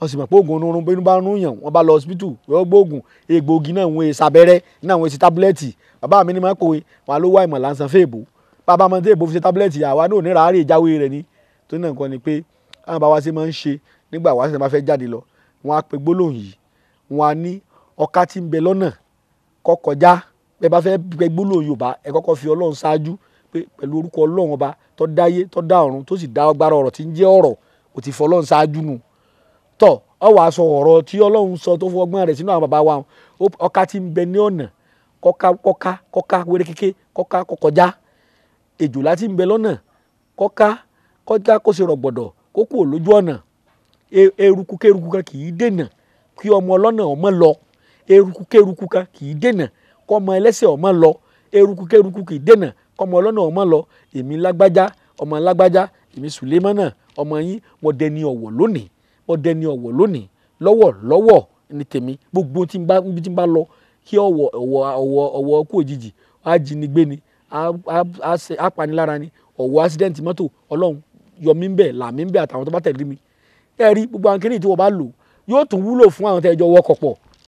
wọ́n sì mọ̀ pé oògùn oorun bínú bá rún yàn wọ́n bá lọ hospital wọ́n gbóògùn egbòogi náà wọ́n èsì abẹ́rẹ́ náà wọ́n èsì tábúlẹ́ẹ̀tì bàbá mi ní máa kòwe wọn ló wá ìmọ̀ lásán fèèbó bàbá mi tí èèbó fi ṣe tábúlẹ́ẹ̀tì àwa náà ní ràárẹ̀ ìjáwé rẹ̀ ni tó náà kàn ní pé àwọn bàbá ṣe máa ń ṣe nígbà wàá ṣe máa fẹ́ jáde lọ wọn á pe gbólóhùn yìí wọn á ní ọká tí ń bẹ lọ́nà kọkọjá bẹ́ẹ̀ bá fẹ́ pe gbólóhùn Yorùbá ẹ kọ́kọ́ fi Ọlọ́run tọ̀ ọ wàá sọ ọ̀rọ̀ tí ọlọ́run sọ tó fọgbọ́n rẹ̀ sínú àwọn bàbá wa ọkà tí ń bẹ ní ọ̀nà kọ́ka kọ́ka kọ́ka wéré kéke kọ́ka kọkọjá èjòlá tí ń bẹ lọ́nà kọ́ka kọjá kó ṣe rọ̀gbọ̀dọ̀ kó kúrò lójú ọ̀nà e, eruku kéruku kan kì í dènà kí ọmọ ọlọ́nà ọmọ lọ eruku kéruku kan kì í dènà kọ́mọ ẹlẹ́sẹ̀ ọmọ lọ eruku kéruku kì í dènà kọ́mọ ọlọ́nà ọmọ lọ èmi lágbájá ọmọ lágbájá èmi sùlẹ́mọ́nà ọmọ yín mo dẹni ọ̀wọ̀ lónìí ọdẹ ni ọ̀wọ̀ lónìí lọ́wọ́ lọ́wọ́ ní tèmi gbogbo tí n bá lọ kí ọ̀wọ̀ ọ̀wọ̀ ọ̀wọ̀ ọ̀wọ̀ kú òjijì ajínigbé ni apanilára ni ọ̀wọ̀ accident mọ́tò ọlọ́run yọmí ń bẹ̀ làmí ń àtàwọn tó bá tẹ̀lé mi ẹ rí gbogbo àwọn kéènì tí wọ́n bá lò yóò tún wúlò fún àwọn tẹ́jọ́ wọkọ̀ pọ̀